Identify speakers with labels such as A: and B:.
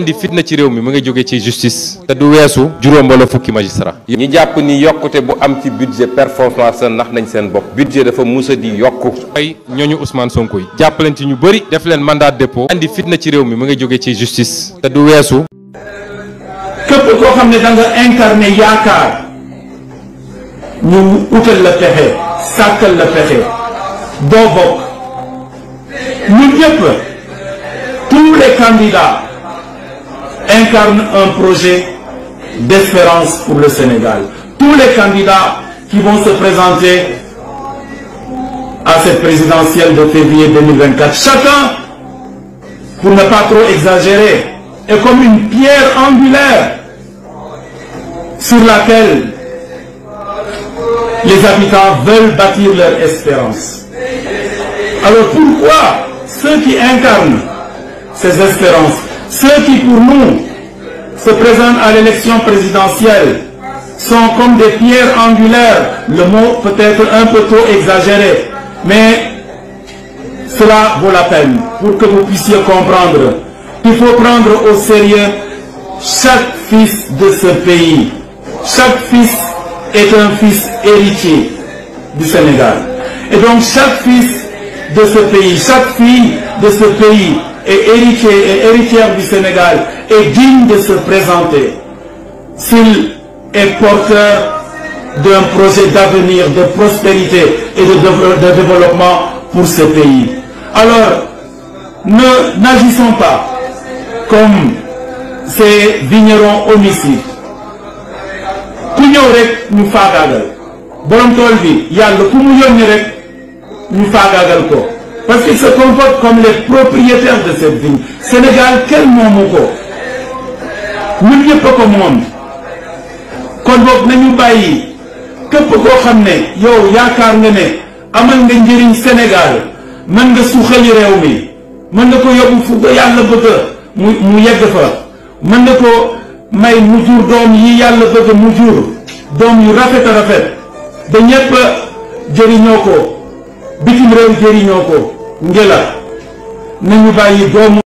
A: andi fitna ci réew mi mu ngi jóge ci justice te du weesu juróom wala fukki magistrat ñi jàpp ni yokkute bu am ci budget performance nax nañ seen bopp budget dafa musa di yokku ay ñooñu Ousmane Sonko yi ci ñu bëri def leen mandat dépôt andi fitna ci réew mi mu ngi jóge ci justice te du
B: weesu ne da nga sàkkal la pexe doo bokk ñun ñëpp tous les incarne un projet d'espérance pour le Sénégal. Tous les candidats qui vont se présenter à cette présidentielle de février 2024, chacun, pour ne pas trop exagérer, est comme une pierre angulaire sur laquelle les habitants veulent bâtir leur espérance. Alors pourquoi ceux qui incarnent ces espérances Ceux qui, pour nous, se présentent à l'élection présidentielle sont comme des pierres angulaires, le mot peut-être un peu trop exagéré, mais cela vaut la peine pour que vous puissiez comprendre qu'il faut prendre au sérieux chaque fils de ce pays. Chaque fils est un fils héritier du Sénégal. Et donc chaque fils de ce pays, chaque fille de ce pays et héritier et héritière du Sénégal est digne de se présenter s'il est porteur d'un projet d'avenir, de prospérité et de, de, de, développement pour ce pays. Alors, ne n'agissons pas comme ces vignerons homicides. ku ñëw rek ñu faagaagal borom tool bi yàlla ku mu yónni ko. parce qu'ils se comportent comme de cette ville Sénégal kenn moomu ko ñun ñëpp ko moom kon boog nañu bàyyi képp koo xam ne yow yaakaar nga ne amal nga njëriñ Sénégal mën nga suuxali réew mi mën nga ko yóbbu fu ko yàlla bëgg mu yegg fa mën nga ko may mu jur doom yi yàlla bëgg mu jur doom yu rafet a rafet ba ñëpp jëriñoo ko. bitim réew jëriñoo ko ngela nañu bàyyi doomu